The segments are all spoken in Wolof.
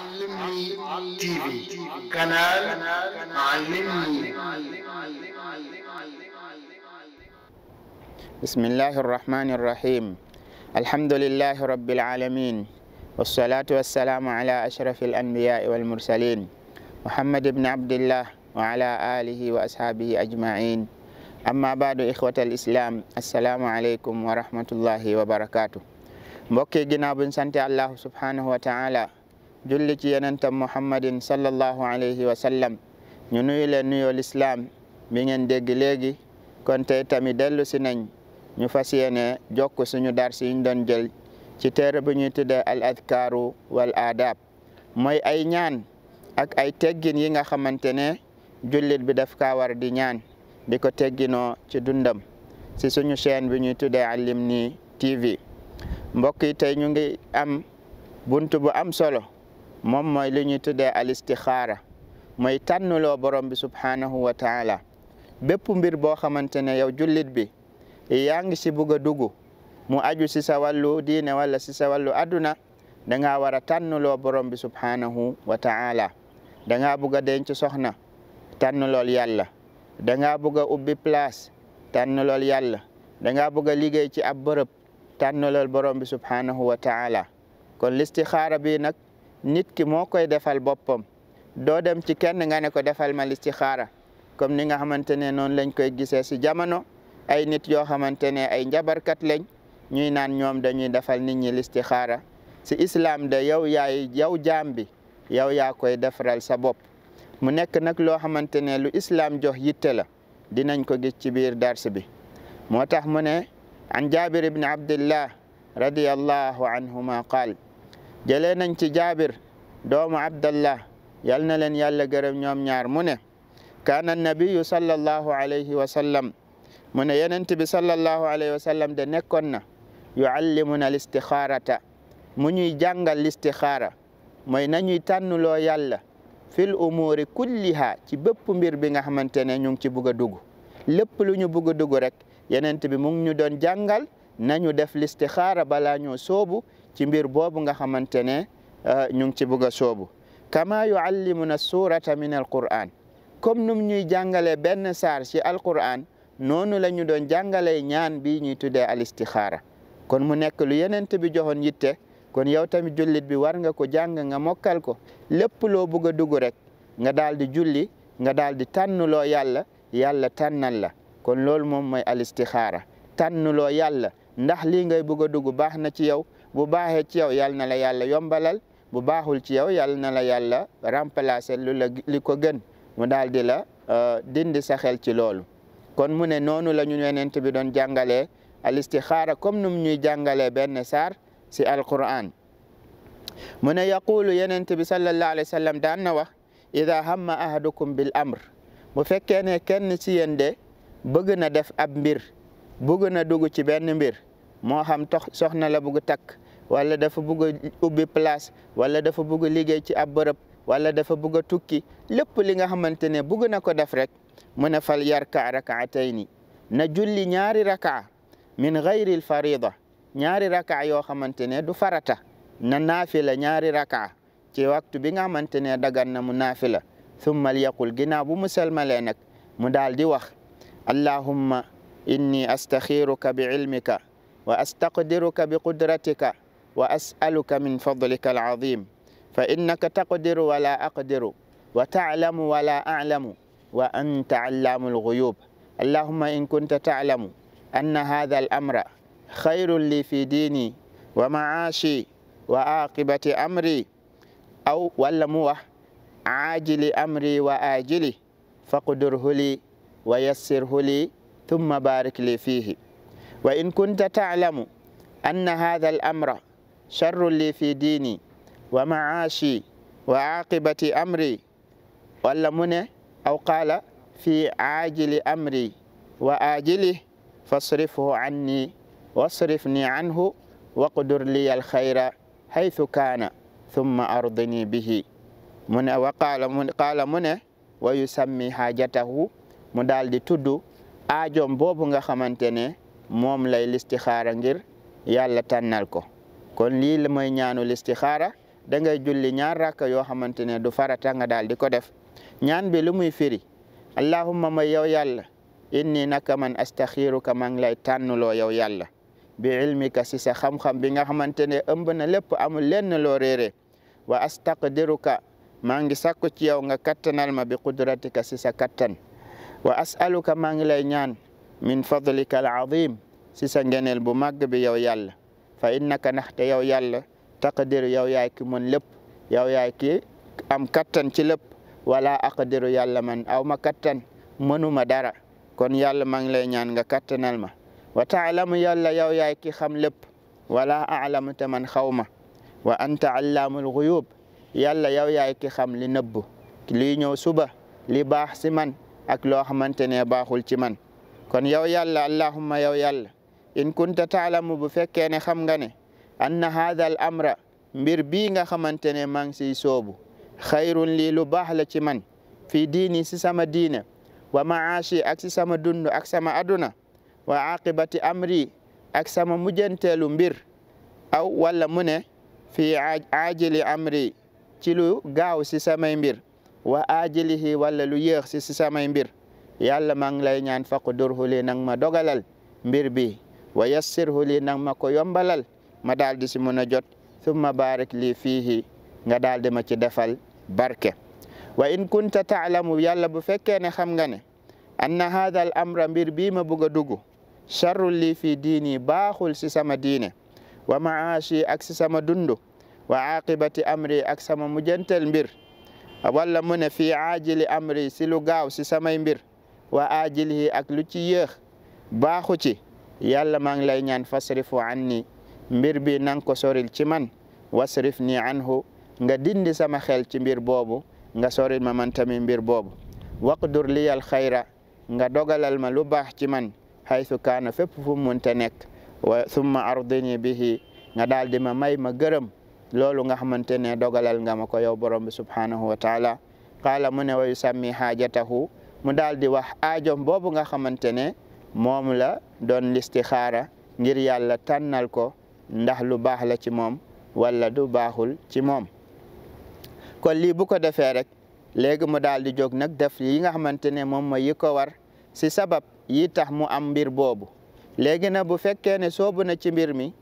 علمني تي في قناه علمني بسم الله الرحمن الرحيم الحمد لله رب العالمين والصلاة والسلام على أشرف الأنبياء والمرسلين محمد بن عبد الله وعلى آله وأصحابه أجمعين أما بعد إخوة الإسلام السلام عليكم ورحمة الله وبركاته mbokk جناب سنتي الله سبحانه وتعالى julli ci yenentam muhammadin sallallahu alayhi wa sallam ñu nuyu leen nuyoo lislaam mi ngeen dégg léegi kon tey tamit dellu si nañ ñu fas yéene jokk suñu dars yi ñu doon jël ci téere bu ñuy tuddee al adkaaru wal aadab mooy ay ñaan ak ay teggin yi nga xamante ne jullit bi daf kaa war di ñaan di ko tegginoo ci dundam si suñu chaîne bi ñuy tuddee Alimni TV mbokk yi tey ñu ngi am buntu bu am solo moom mooy li ñuy tuddee al istixaara mooy tànnuloo borom bi subhaanahu wa taala bépp mbir boo xamante ne yow jullit bi yaa ngi si bugg a dugg mu aju si sa wàllu diine wala si sa wàllu adduna da ngaa war a tànnuloo borom bi subhaanahu wa taala da ngaa a denc soxna tànnulool yàlla da ngaa bugg a ubbi yàlla da ngaa a liggéey ci ab bërëb tànnulool borom bi subhaanahu wa kon listixaara bi nag nit ki moo koy defal boppam doo dem ci kenn nga ne ko defal ma listixaara comme ni nga xamante ne noonu lañ koy gisee si jamono ay nit yoo xamante ne ay njabarkat lañ ñuy naan ñoom dañuy defal nit ñi listixaara si islam de yow yaay yow jaam bi yow yaa koy defaral sa bopp mu nekk nag loo xamante ne lu islam jox yitte la dinañ ko gis ci biir dars bi moo tax mu ne an jabir ibn abdillah radiallahu anhuma qaal jëlee nañ ci jaabir doomu abdallah yal na leen yàlla gërëm ñoom ñaar mu ne kaana nabiyu sallallahu alayhi wa sallam mu ne yonent bi sallallahu alayhi wa de nekkoon na yuallimuna listixaarata mu ñuy jàngal listixaara mooy nañuy tànnuloo yàlla fil umuuri kulliha ci bépp mbir bi nga xamante ne ñu ngi ci bugg a dugg lu ñu bugg a dugg rek yonent bi mu ngi ñu doon jàngal nañu def listixaara balaa ñoo soobu ci mbir bobu nga xamantene ñu eh, ngi ci bëgg soobu kama yuallimuna surata min alquran comme num ñuy jangalé ben sar ci alquran nonu lañu doon jangalé ñaan bi ñuy tuddé alistikhara kon mu nekk lu yenente bi joxon yitte kon yow tamit julit bi war nga ko jang nga mokal ko lepp lo bëgg dugg rek nga daldi julli nga daldi di lo yalla yalla tannal la kon loolu mom moy alistikhara tannu lo yalla ndax li ngay dugg baxna ci yow bu baaxee ci yow yàlla na la yàlla yombalal bu baaxul ci yow yàlla na la yàlla remplacer lu la li ko gën mu daal la euh, dindi sa xel ci loolu kon mu ne noonu la ñu yonent bi doon jàngalee al istixaara comme num ñuy jàngalee benn saar si alquran mu ne yaqulu yonent bi sallallahu alayhi wa sallam daan na wax ida hamma ahadukum bil amr bu fekkee ne kenn ci yéen de bëgg na def ab mbir bëgg na dugg ci benn mbir moo xam tox soxna la bëgg takk wala dafa bëgg a ubbi place wala dafa bëgg a liggéey ci ab bërëb wala dafa bëgg tukki lépp li nga xamante ne bëgg na ko def rek mu ne fal yarka rakaatayni na julli ñaari raka min gayri l farida ñaari raka yoo xamante ne du farata na naafila ñaari raka ci waxtu bi nga xamante ne dagan na mu naafila summa yaqul ginnaaw bu mu selmalee nag mu daal di wax allahumma inni astaxiiruka bi ilmika wa astaqdiruka bi qudratika وأسألك من فضلك العظيم فإنك تقدر ولا أقدر وتعلم ولا أعلم وأنت علام الغيوب اللهم إن كنت تعلم أن هذا الأمر خير لي في ديني ومعاشي وعاقبة أمري أو والموه عاجل أمري وآجله فقدره لي ويسره لي ثم بارك لي فيه وإن كنت تعلم أن هذا الأمر شر لي في ديني ومعاشي وعاقبة أمري ولا منه أو قال في عاجل أمري وآجله فاصرفه عني واصرفني عنه وقدر لي الخير حيث كان ثم أرضني به من وقال من قال من ويسمي حاجته مدال دي di آجوم بوبو boobu nga موم ne moom lay listixaara ngir yàlla ko kon li limay mooy ñaanu listixaara da ngay julli ñaar rak yo xamantene du farata nga dal diko def ñaan bi lu muy firi allahumma ma yow yàlla inni naka man astakhiruka mang lay tànnloo yow yàlla bi ilmika si sa xam-xam bi nga xamantene ne na lépp amul len lo rere wa astaqdiruka maa sakku ci yow nga kattanal ma bi qudratika si sa katan wa asaluka maa lay ñaan min fadlika al azim si sa ngeenel bu mag bi yow yàlla fa innaka ndaxte yow yàlla taqdiru yow yaay ki mën lépp yow yaay ki am kattan ci lépp wala aqdiru yàlla man aw ma kattan mënuma dara kon yàlla maa ngi lay ñaan nga kattanal ma wa taalamu yàlla yow yaay ki xam lépp wala aalamu te man xaw ma wa anta allaamul xuyub yàlla yow yaay ki xam li nëbb lii ñëw suba li baax si man ak loo xamante ne ci man kon yow yàlla allahumma yow yàlla in kunta taalamu bu fekkee ne xam nga ne anna haada amra mbir bii nga xamante ne maa ngi siy soobu xayrun lii lu baax la ci man fii diini si sama diine wa maashi ak si sama dund ak sama aduna wa aqibati amri ak sama mujjanteelu mbir aw wala mu ne fii amri ci lu gaaw si samay mbir wa aajilihi wala lu yéex si si samay mbir yàlla maa ngi lay ñaan faqdurhu li nang ma dogalal mbir bi wa yassirhu lii nag ma yombalal ma daal di si mën a jot summa barik li fiihi nga daal ci defal barke wa in kunta taalamu yàlla bu fekkee ne xam nga ne anna amra mbir bii ma bugg a dugg charrul lii fii diini baaxul si sama diine wa maashi ak si sama dundu wa aqibati amri ak sama mujjantel mbir wala mu ne aajili amri si lu gaaw si samay mbir wa aajilihi ak lu ci yéex baaxu ci yàlla maa ngi lay ñaan fasrifu anni mbir bi na ko soril ci man wasrif nii anhu nga dindi sama xel ci mbir boobu nga soril ma man tamit mbir boobu waqdur liyal xayra nga dogalal ma lu baax ci man haythu kaana fépp fu mu munte nekk wa summa ardini bihi nga daal di ma may ma gërëm loolu nga xamante ne dogalal nga ma ko yow borom bi subhanahu wa taala qaala mu ne wa mu daal di wax nga xamante ne moom la doon listixaara ngir yàlla tànnal ko ndax lu baax la ci moom walla du baaxul ci moom kon lii bu ko defee rek léegi mu daal di jóg nag def yi nga xamante ne moom mooy yi ko war si sabab yi tax mu am mbir boobu léegi nag bu fekkee ne soobu na ci mbir mi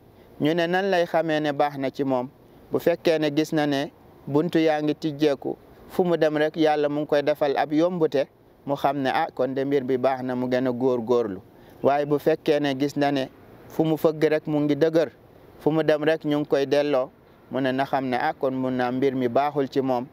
ñu ne nan lay xamee ne baax na ci moom bu fekkee ne gis na ne buntu yaa ngi tijjeeku fu mu dem rek yàlla mu ngi koy defal ab yombute mu xam ne ah kon de mbir bi baax na mu gën a góorgóorlu waaye bu fekkee ne gis na ne fu mu fëgg rek mu ngi dëgër fu mu dem rek ñu ngi koy delloo mu ne na xam ne ah kon mun naa mbir mi baaxul ci moom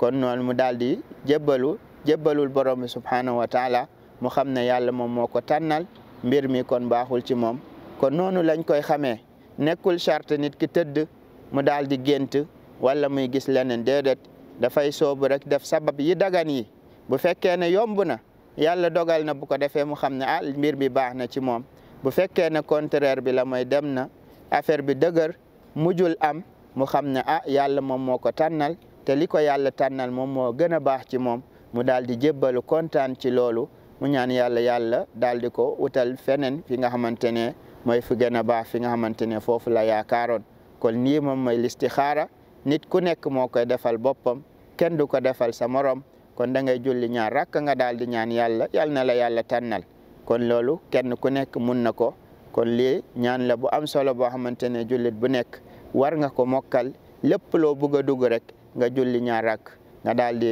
kon noonu mu daal di jébbalu jébbalul borom bi subhaanahu wa taala mu xam ne yàlla moom moo ko tànnal mbir mi kon baaxul ci moom kon noonu lañ koy xamee nekkul charte nit ki tëdd mu dal di gént wala muy gis leneen déedéet dafay soobu rek def sabab yi dagan yi bu fekkee ne yomb na yàlla dogal na bu ko defee mu xam ne ah mbir bi baax na ci moom bu fekkee ne contraire bi la mooy dem na affaire bi dëgër mujjul am mu xam ne ah yàlla moom moo ko tànnal te li ko yàlla tànnal moom moo gën a baax ci moom mu daal di jébbalu kontaan ci loolu mu ñaan yàlla yàlla daal di ko utal feneen fi nga xamante ne mooy fi gën a baax fi nga xamante ne foofu la yaakaaroon kon nii moom mooy listixaara nit ku nekk moo koy defal boppam kenn du ko defal sa morom kon da ngay julli ñaar rakk nga daal di ñaan yàlla yal na la yàlla tànnal kon loolu kenn ku nekk mun na ko kon lii ñaan la bu am solo boo xamante ne jullit bu nekk war nga ko mokkal lépp loo bugg a dugg rek nga julli ñaar rakk nga daal di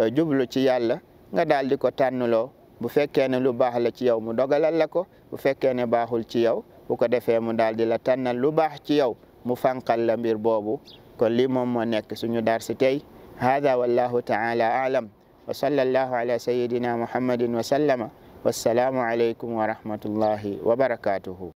euh, jublu ci yàlla nga daldi di ko tànnaloo bu fekkee ne lu baax la ci yow mu dogalal la ko bu fekkee ne baaxul ci yow bu ko defee mu daal di la tànnal lu baax ci yow mu fànqal la mbir boobu kon lii moom moo nekk suñu dar si tey hada wallahu وصلى الله على سيدنا محمد وسلم والسلام عليكم ورحمة الله وبركاته